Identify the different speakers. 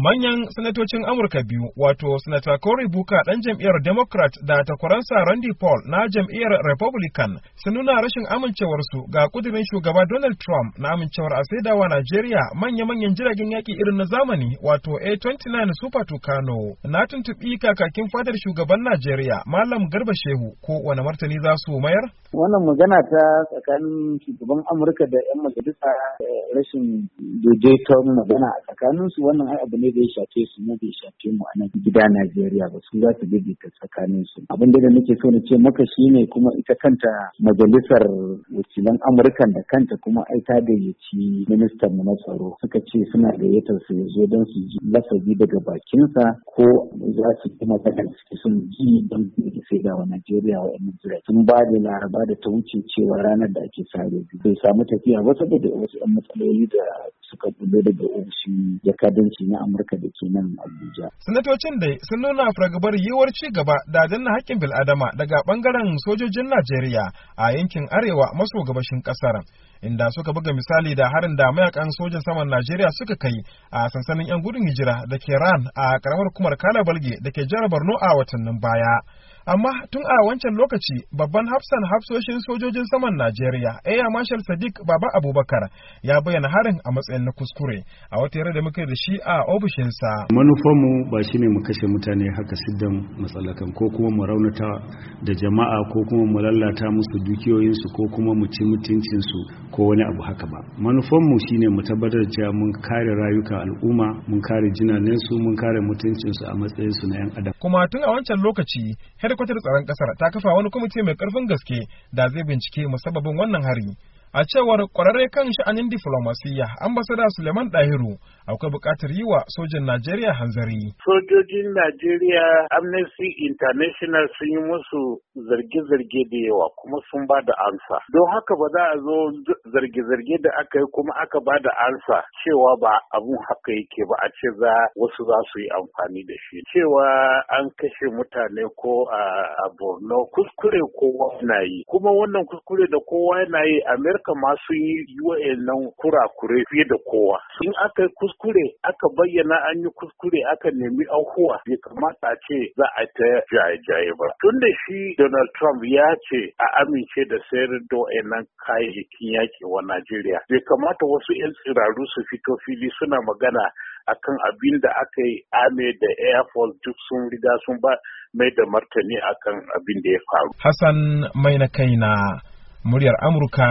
Speaker 1: Manyan sanatocin Amurka biyu, wato Sanata Cory Buka, ɗan jam'iyyar Democrat da takwaransa Randy Paul na jam'iyyar Republican sun nuna rashin amincewarsu ga kudirin shugaba Donald Trump na amincewar a saidawa Najeriya manya-manyan jiragen yaƙi irin na zamani wato A29 Super Tucano. Na tuntuɓi kakakin fadar shugaban Najeriya Malam Garba Shehu ko wani martani za su mayar?
Speaker 2: Wannan magana ta tsakanin shugaban Amurka da 'yan majalisa eh, rashin daidaiton magana tsakanin su wannan ai abu ne da ya shafe su da ya shafe mu a nan gida Najeriya ba su za su ta tsakanin su abin da nake so na ce maka ne kuma ita kanta majalisar wakilan Amurkan da kanta kuma ai ta gayyaci ministan na tsaro suka ce suna gayyatar su ya zo don su ji lafazi daga bakinsa ko za su yi magana suke son ji don sai da wa Najeriya wa'annan jirai sun ba da laraba da ta wuce cewa ranar da ake sare bai samu tafiya ba saboda wasu 'yan matsaloli da suka da daga ya kadanci na Amurka da ke nan Abuja.
Speaker 1: Sanatocin da sun nuna fargabar yiwuwar ci gaba da danna haƙƙin bil'adama daga ɓangaren sojojin Najeriya a yankin arewa maso gabashin ƙasar. Inda suka buga misali da harin da mayakan sojan saman Najeriya suka kai a sansanin 'yan gudun hijira da ke Ran a ƙaramar hukumar Kalabalge da ke jihar Borno a watannin baya. amma tun a wancan lokaci babban hafsan hafsoshin sojojin saman najeriya air marshal sadiq baba abubakar ya bayyana harin a matsayin na kuskure a wata yare da muka da shi a ofishinsa manufarmu ba shine mu kashe mutane haka siddan matsalakan ko kuma mu raunata da jama'a ko kuma mu lalata musu dukiyoyinsu ko kuma mu ci mutuncinsu ko wani abu haka ba manufarmu shine mu tabbatar da cewa mun kare rayuka al'umma mun kare jinanensu mun kare mutuncinsu a matsayinsu na yan adam kuma tun a wancan lokaci kwatar tsaron kasar ta kafa wani kwamiti mai karfin gaske da zai bincike musabbabin wannan hari A cewar kwararre kan sha'anin diflomasiyya, ambasada Suleiman Dahiru akwai bukatar yi wa sojan Najeriya hanzari.
Speaker 3: Sojojin Najeriya Amnesty International sun yi musu zarge-zarge da yawa kuma sun ba da ansa. Don haka ba za a zo zarge-zarge da aka yi kuma aka ba da ansa cewa ba abun haka yake ba a ce za wasu za su yi amfani da shi. Cewa an kashe mutane ko a Borno kuskure kowa na yi. Kuma wannan kuskure da kowa na yi Amerika haka ma sun yi kura kurakure fiye da kowa in aka kuskure aka bayyana an yi kuskure aka nemi aukuwa. bai kamata ce za a ta jaye-jaye ba tun da shi donald trump ya ce a amince da sayar da wa'annan kayayyakin yaƙi wa najeriya bai kamata wasu 'yan tsiraru su fito fili suna magana akan abin da aka yi ame da air force duk sun riga sun ba mai da martani akan
Speaker 1: abin da ya faru hassan mai na kai na muryar amurka